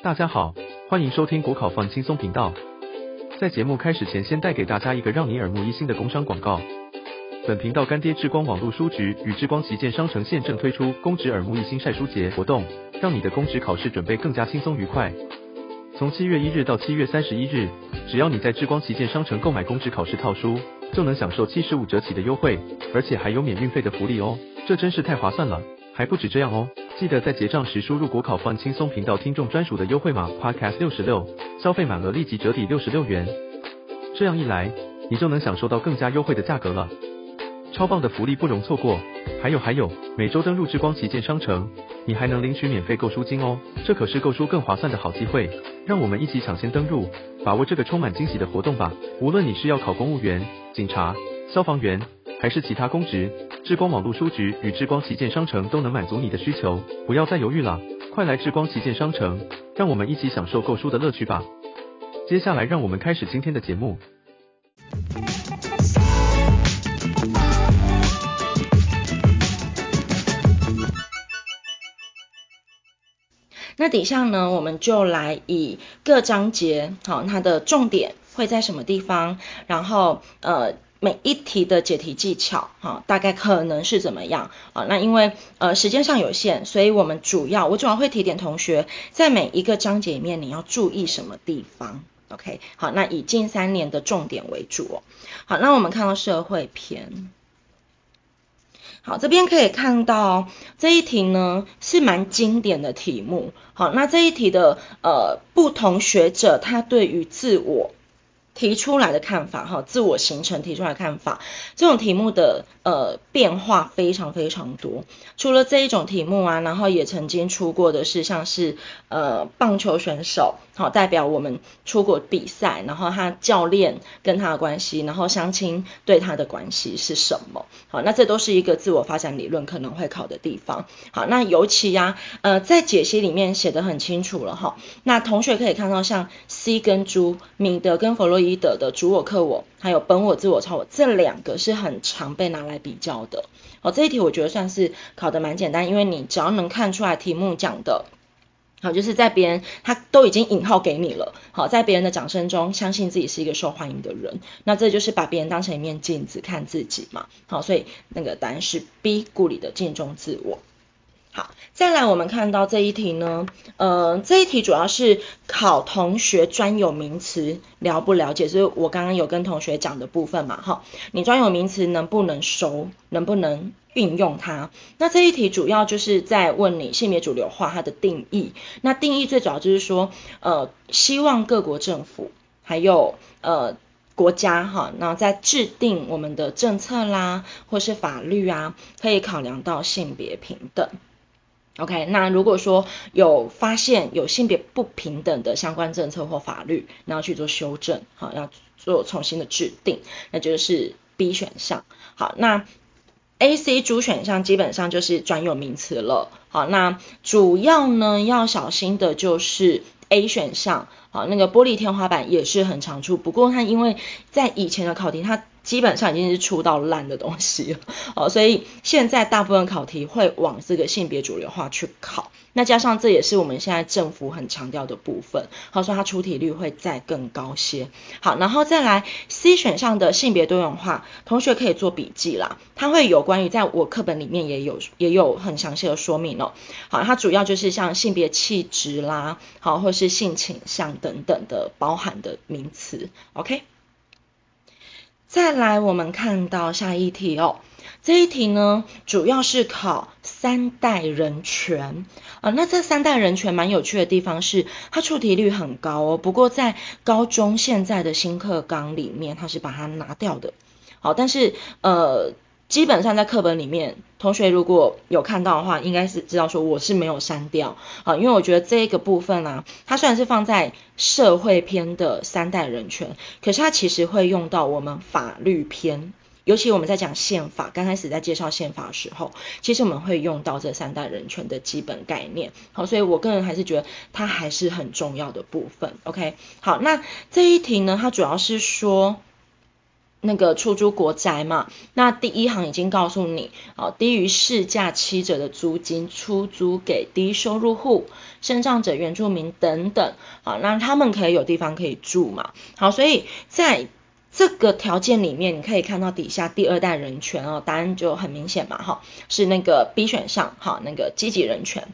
大家好，歡迎收聽國考放輕鬆頻道。在節目開始前，先帶給大家一個讓你耳目一新的工商廣告。本頻道乾爹志光網路書局與志光旗艦商城現正推出公職耳目一新曬書節活動，讓你的公職考試準備更加輕鬆愉快。從七月一日到七月三十一日，只要你在志光旗艦商城購買公職考試套書，就能享受七十五折起的優惠，而且還有免運費的福利哦，這真是太划算了！還不止這樣哦。記得在結賬時輸入國考 FUN 輕鬆頻道聽眾專屬的優惠碼 Podcast 六十六，消費滿額立即折抵六十六元。這樣一來，你就能享受到更加優惠的價格了。超棒的福利不容錯過！還有還有，每周登錄志光旗艦商城，你還能領取免費購書金哦，這可是購書更划算的好機會。讓我們一起搶先登錄，把握這個充滿驚喜的活動吧！無論你是要考公務員、警察、消防員，還是其他公職，志光網絡書局與志光旗艦商城都能滿足你的需求，不要再猶豫了，快來志光旗艦商城，讓我們一起享受購書的樂趣吧。接下來讓我們開始今天的節目。那底下呢，我們就來以各章節，好，它的重點會在什麼地方，然後呃。每一題的解題技巧，哈，大概可能是怎麼樣，啊，那因為呃時間上有限，所以我們主要我主要會提點同學，在每一個章節裡面你要注意什麼地方，OK，好，那以近三年的重點為主哦，好，那我們看到社會篇，好，這邊可以看到這一題呢是蠻經典的題目，好，那這一題的呃不同學者他對於自我。提出來的看法哈，自我形成提出來的看法，這種題目的呃變化非常非常多。除了這一種題目啊，然後也曾經出過的是像是呃棒球選手好、哦、代表我們出國比賽，然後他教練跟他的關係，然後相親對他的關係是什麼好？那這都是一個自我發展理論可能會考的地方。好，那尤其呀、啊、呃在解析裡面寫得很清楚了哈、哦。那同學可以看到像 C 跟朱米德跟弗洛伊。一德的主我、客我，還有本我、自我、超我，這兩個是很常被拿來比較的。好，這一題我覺得算是考得蠻簡單，因為你只要能看出來題目講的，好，就是在別人他都已經引號給你了。好，在別人的掌聲中，相信自己是一個受歡迎的人，那這就是把別人當成一面鏡子看自己嘛。好，所以那個答案是 B，顧里的鏡中自我。好，再來我們看到這一題呢，呃，這一題主要是考同學專有名詞了不了解，所以我剛剛有跟同學講的部分嘛，哈，你專有名詞能不能熟，能不能運用它？那這一題主要就是在問你性別主流化它的定義，那定義最主要就是說，呃，希望各國政府還有呃國家哈，然後在制定我們的政策啦，或是法律啊，可以考量到性別平等。OK，那如果說有發現有性別不平等的相關政策或法律，然後去做修正，好，要做重新的制定，那就是 B 選項。好，那 A、C 主選項基本上就是專有名詞了。好，那主要呢要小心的就是 A 選項。好，那個玻璃天花板也是很常出，不過它因為在以前的考題，它基本上已經是出到爛的東西了哦，所以現在大部分考題會往這個性別主流化去考。那加上這也是我們現在政府很強調的部分，好，所以它出題率會再更高些。好，然後再來 C 選項的性別多元化，同學可以做筆記啦，它會有關於在我課本裡面也有也有很詳細的說明哦。好，它主要就是像性別氣質啦，好或是性傾向。等等的包含的名詞，OK。再來，我們看到下一題哦，這一題呢主要是考三代人權啊、呃。那這三代人權蠻有趣的地方是，它出題率很高哦。不過在高中現在的新課綱裡面，它是把它拿掉的。好，但是呃。基本上在課本裡面，同學如果有看到的話，應該是知道說我是沒有刪掉啊，因為我覺得這個部分呢，啊，它雖然是放在社會篇的三代人權，可是它其實會用到我們法律篇，尤其我們在講憲法，剛開始在介紹憲法的時候，其實我們會用到這三代人權的基本概念。好，所以我個人還是覺得它還是很重要的部分。OK，好，那這一題呢，它主要是說。那個出租國宅嘛，那第一行已經告訴你，啊、哦，低於市價七折的租金出租給低收入戶、身障者、原住民等等，啊、哦，那他們可以有地方可以住嘛，好，所以在這個條件裡面，你可以看到底下第二代人權哦，答案就很明顯嘛，哈、哦，是那個 B 選項，哈、哦，那個積極人權。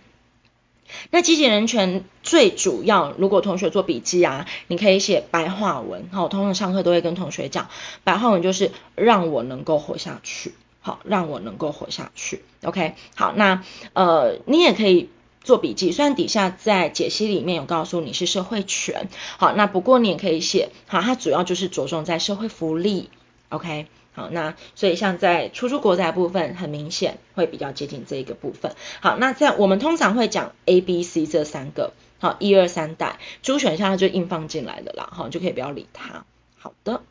那積極人權最主要，如果同學做筆記啊，你可以寫白話文，好、哦，通常上課都會跟同學講，白話文就是讓我能夠活下去，好、哦，讓我能夠活下去，OK，好，那呃你也可以做筆記，雖然底下在解析裡面有告訴你是社會權，好，那不過你也可以寫，好、哦，它主要就是着重在社會福利，OK。好，那所以像在出出國債部分，很明顯會比較接近這一個部分。好，那在我們通常會講 A、B、C 這三個。好，一二三代，這選項它就硬放進來的啦，好，就可以不要理它。好的，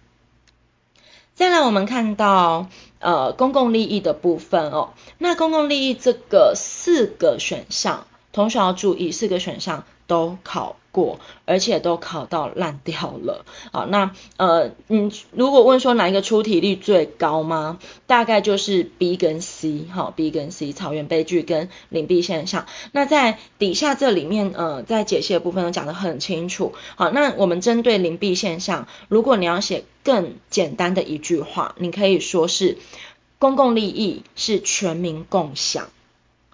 再來我們看到呃公共利益的部分哦，那公共利益這個四個選項。同學要注意，四個選項都考過，而且都考到爛掉了。好，那呃，你如果問說哪一個出題率最高嗎？大概就是 B 跟 C，好，B 跟 C，草原悲劇跟鄰避現象。那在底下這裡面，呃，在解析的部分都講得很清楚。好，那我們針對鄰避現象，如果你要寫更簡單的一句話，你可以說是公共利益是全民共享。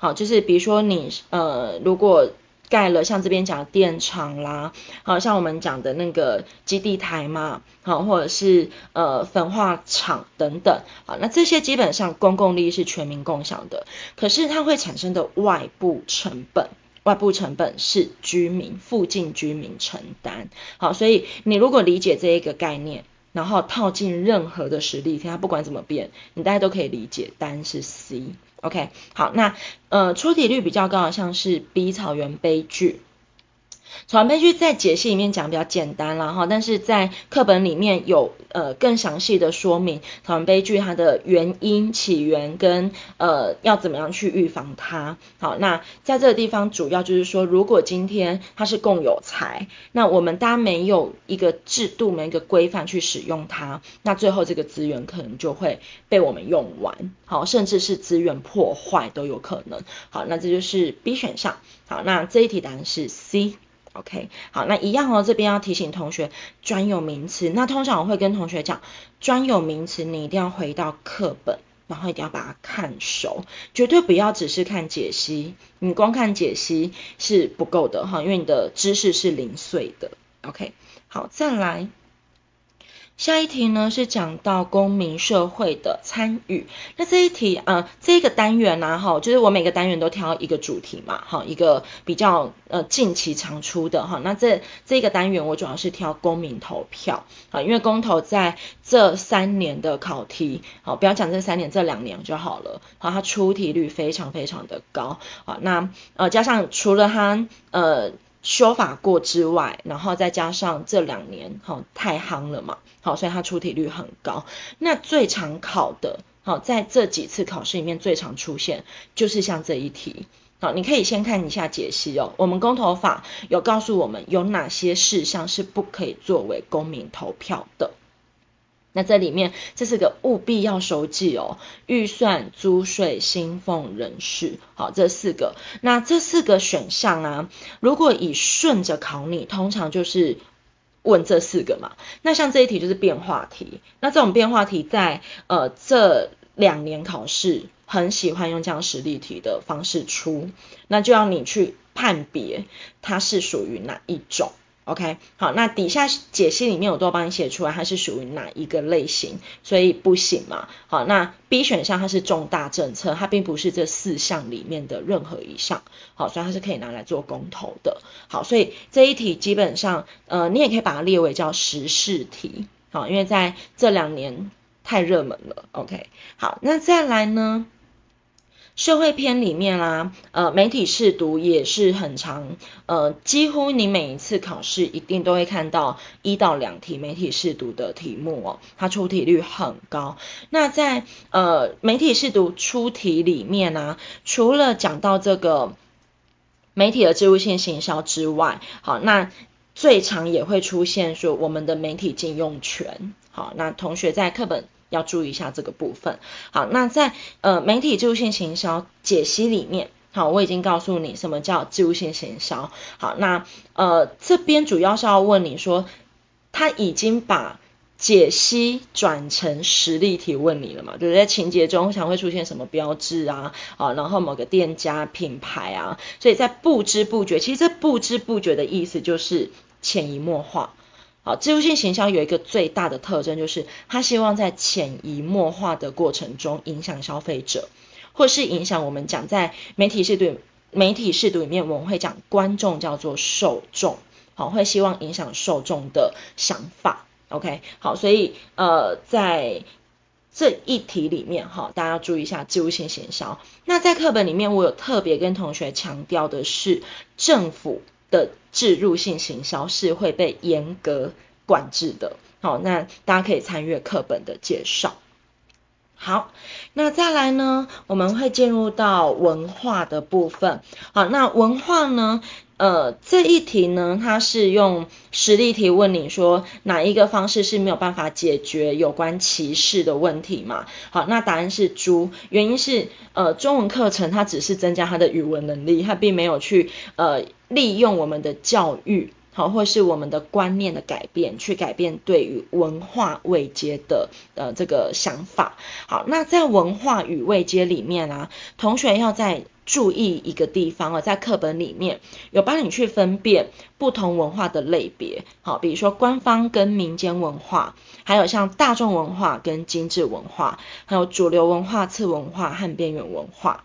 好，就是比如說你呃，如果蓋了像這邊講的電廠啦，好像我們講的那個基地台嘛，好，或者是呃焚化廠等等，好，那這些基本上公共利益是全民共享的，可是它會產生的外部成本，外部成本是居民附近居民承擔。好，所以你如果理解這一個概念，然後套進任何的實例，它不管怎麼變，你大家都可以理解，單是 C。OK，好，那呃出題率比較高，好像是 B 草原悲劇。草原悲劇在解析裡面講的比較簡單了哈，但是在課本裡面有。呃，更詳細的說明，台灣悲劇它的原因、起源跟呃，要怎麼樣去預防它。好，那在這個地方，主要就是說，如果今天它是共有財，那我們大家沒有一個制度、沒有一個規範去使用它，那最後這個資源可能就會被我們用完，好，甚至是資源破壞都有可能。好，那這就是 B 選項。好，那這一題答案是 C。OK，好，那一樣哦，這邊要提醒同學，專有名詞，那通常我會跟同學講，專有名詞你一定要回到課本，然後一定要把它看熟，絕對不要只是看解析，你光看解析是不夠的哈，因為你的知識是零碎的。OK，好，再來。下一題呢，是講到公民社會的參與。那這一題啊、呃，這個單元啊，哈、哦，就是我每個單元都挑一個主題嘛，哈、哦，一個比較呃近期常出的哈、哦。那這這個單元我主要是挑公民投票啊、哦，因為公投在這三年的考題，好、哦，不要講這三年，這兩年就好了，好、哦，它出題率非常非常的高啊、哦。那呃，加上除了它呃。修法過之外，然後再加上這兩年好、哦、太夯了嘛，好、哦，所以它出題率很高。那最常考的，好、哦、在這幾次考試裡面最常出現就是像這一題，好、哦，你可以先看一下解析哦。我們公投法有告訴我們有哪些事項是不可以作為公民投票的。那這裡面這四個務必要熟記哦，預算、租稅、薪俸、人事，好，這四個。那這四個選項啊，如果以順着考你，通常就是問這四個嘛。那像這一題就是變化題，那這種變化題在呃這兩年考試很喜歡用這樣實例題的方式出，那就要你去判別它是屬於哪一種。OK，好，那底下解析裡面我都幫你寫出來，它是屬於哪一個類型，所以不行嘛。好，那 B 選項它是重大政策，它並不是這四項裡面的任何一項，好，所以它是可以拿來做公投的。好，所以這一題基本上，呃，你也可以把它列為叫時事題，好，因為在這兩年太熱門了。OK，好，那再來呢？社會篇裡面啦、啊，呃，媒體識讀也是很長，呃，幾乎你每一次考試一定都會看到一到兩題媒體識讀的題目哦，它出題率很高。那在呃媒體識讀出題裡面呢、啊，除了講到這個媒體的置入性行銷之外，好，那最常也會出現說我們的媒體近用權，好，那同學在課本。要注意一下這個部分。好，那在呃媒體置入性行銷解析裡面，好，我已經告訴你什麼叫置入性行銷。好，那呃這邊主要是要問你說，他已經把解析轉成實例題問你了嘛？就是在情節中常會出現什麼標誌啊，啊，然後某個店家品牌啊，所以在不知不覺，其實這不知不覺的意思就是潛移默化。好，置入性行銷有一個最大的特徵，就是它希望在潛移默化的過程中影響消費者，或是影響我們講在媒體識讀、媒體識讀裡面，我們會講觀眾叫做受眾，好，會希望影響受眾的想法。OK，好，所以呃，在這一題裡面，哈，大家要注意一下置入性行銷。那在課本裡面，我有特別跟同學強調的是政府。的置入性行銷是會被嚴格管制的。好，那大家可以參閱課本的介紹。好，那再來呢？我們會進入到文化的部分。好，那文化呢？呃，這一題呢，它是用實例題問你說哪一個方式是沒有辦法解決有關歧視的問題嘛？好，那答案是“豬”，原因是呃，中文課程它只是增加他的語文能力，它並沒有去呃利用我們的教育。好，或是我們的觀念的改變，去改變對於文化位階的呃這個想法。好，那在文化與位階裡面啊，同學要再注意一個地方哦，在課本裡面有幫你去分辨不同文化的類別。好，比如說官方跟民間文化，還有像大眾文化跟精緻文化，還有主流文化、次文化和邊緣文化。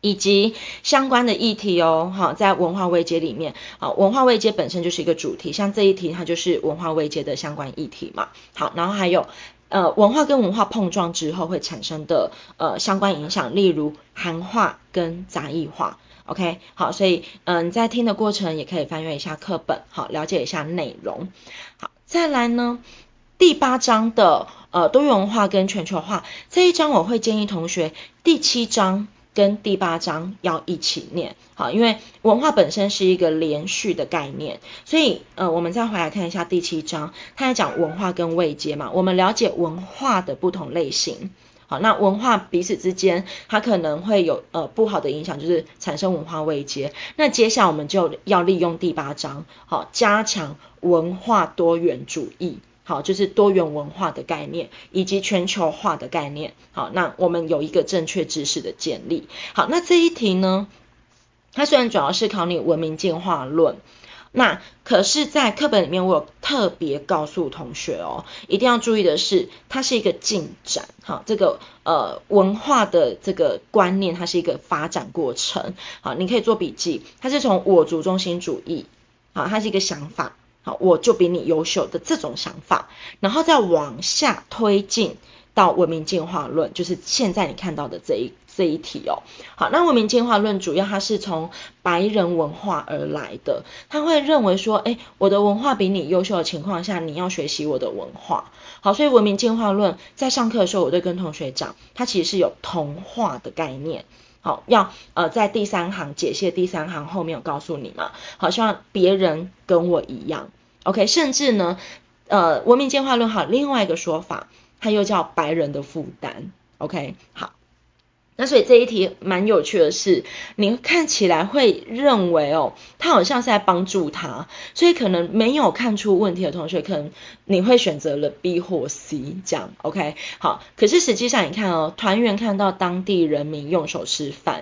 以及相關的議題哦，好，在文化位階裡面，好，文化位階本身就是一個主題，像這一題它就是文化位階的相關議題嘛，好，然後還有呃文化跟文化碰撞之後會產生的呃相關影響，例如涵化跟雜揉化，OK，好，所以嗯、呃、你在聽的過程也可以翻閱一下課本，好，了解一下內容，好，再來呢，第八章的呃多元文化跟全球化這一章，我會建議同學第七章。跟第八章要一起念，好，因為文化本身是一個連續的概念，所以呃，我們再回來看一下第七章，他在講文化跟位階嘛，我們了解文化的不同類型，好，那文化彼此之間它可能會有呃不好的影響，就是產生文化位階，那接下來我們就要利用第八章，好，加強文化多元主義。好，就是多元文化的概念以及全球化的概念。好，那我們有一個正確知識的建立。好，那這一題呢，它雖然主要是考你文明進化論，那可是，在課本裡面我有特別告訴同學哦，一定要注意的是，它是一個進展。好，這個呃文化的這個觀念，它是一個發展過程。好，你可以做筆記，它是從我族中心主義。好，它是一個想法。好，我就比你優秀的這種想法，然後再往下推進到文明進化論，就是現在你看到的這一這一題哦。好，那文明進化論主要它是從白人文化而來的，他會認為說，哎，我的文化比你優秀的情況下，你要學習我的文化。好，所以文明進化論在上課的時候，我就跟同學講，它其實是有同化的概念。好，要呃，在第三行解析，第三行後面有告訴你嘛。好，希望別人跟我一樣，OK？甚至呢，呃，文明進化論好，另外一個說法，它又叫白人的負擔，OK？好。那所以這一題蠻有趣的是，你看起來會認為哦，他好像是在幫助他，所以可能沒有看出問題的同學，可能你會選擇了 B 或 C 這樣，OK，好。可是實際上你看哦，團員看到當地人民用手吃飯，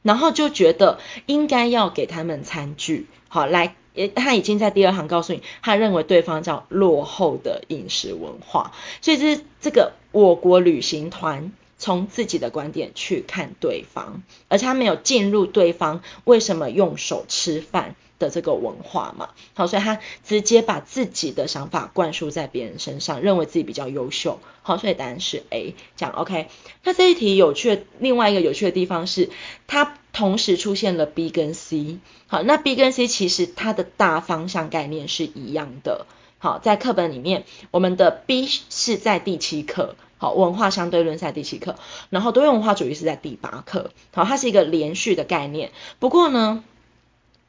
然後就覺得應該要給他們餐具，好來，他已經在第二行告訴你，他認為對方叫落後的飲食文化，所以這是這個我國旅行團。從自己的觀點去看對方，而且他沒有進入對方為什麼用手吃飯的這個文化嘛，好，所以他直接把自己的想法灌輸在別人身上，認為自己比較優秀，好，所以答案是 A，這樣 OK。那這一題有趣的另外一個有趣的地方是，它同時出現了 B 跟 C，好，那 B 跟 C 其實它的大方向概念是一樣的，好，在課本裡面，我們的 B 是在第七課。好，文化相對論在第七課，然後多元文化主義是在第八課。好，它是一個連續的概念。不過呢，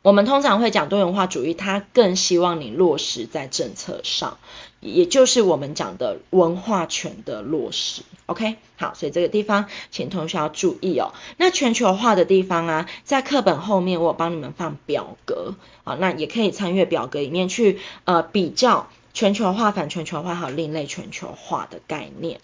我們通常會講多元文化主義，它更希望你落實在政策上，也就是我們講的文化權的落實。OK，好，所以這個地方，請同學要注意哦。那全球化的地方啊，在課本後面我有幫你們放表格，好，那也可以參閱表格裡面去呃比較全球化、反全球化還有另類全球化的概念。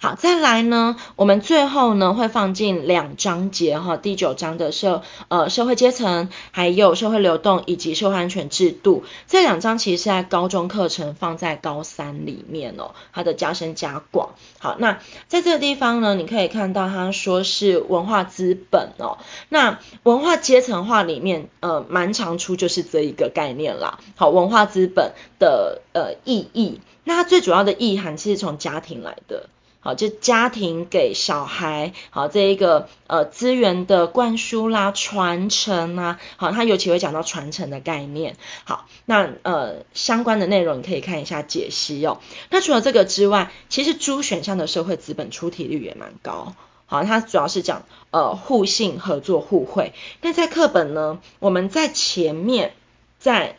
好，再來呢，我們最後呢會放進兩章節哈，第九章的社呃社會階層，還有社會流動以及社會安全制度這兩章，其實在高中課程放在高三裡面哦，它的加深加廣。好，那在這個地方呢，你可以看到它說是文化資本哦，那文化階層化裡面呃蠻常出就是這一個概念啦，好，文化資本的呃意義，那它最主要的意涵其實從家庭來的。好就家庭給小孩好，這一個呃資源的灌輸啦、傳承啊，好，他尤其會講到傳承的概念。好，那呃相關的內容你可以看一下解析哦。那除了這個之外，其實諸選項的社會資本出題率也蠻高。好，它主要是講呃互信、合作、互惠。那在課本呢，我們在前面在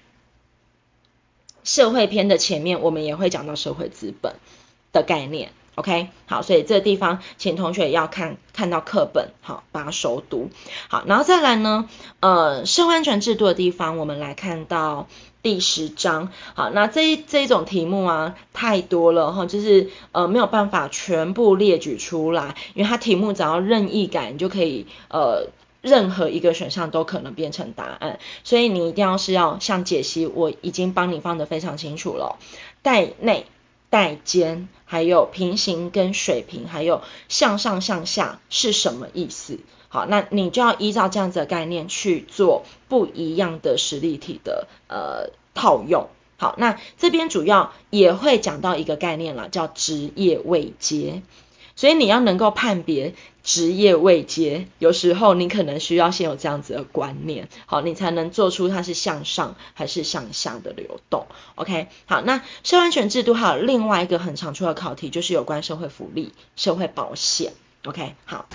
社會篇的前面，我們也會講到社會資本的概念。OK，好，所以這個地方請同學要看看到課本，好，把它熟讀，好，然後再來呢，呃，社會安全制度的地方，我們來看到第十章，好，那這一這一種題目啊太多了哈、哦，就是呃沒有辦法全部列舉出來，因為它題目只要任意改，你就可以呃任何一個選項都可能變成答案，所以你一定要是要像解析我已經幫你放得非常清楚了，帶內。代間，還有平行跟水平，還有向上向下是什麼意思？好，那你就要依照這樣子的概念去做不一樣的實例題的呃套用。好，那這邊主要也會講到一個概念啦，叫職業未接。所以你要能夠判別職業位階，有時候你可能需要先有這樣子的觀念，好，你才能做出它是向上還是向下的流動。OK，好，那社會安全制度還有另外一個很常出的考題，就是有關社會福利、社會保險。OK，好。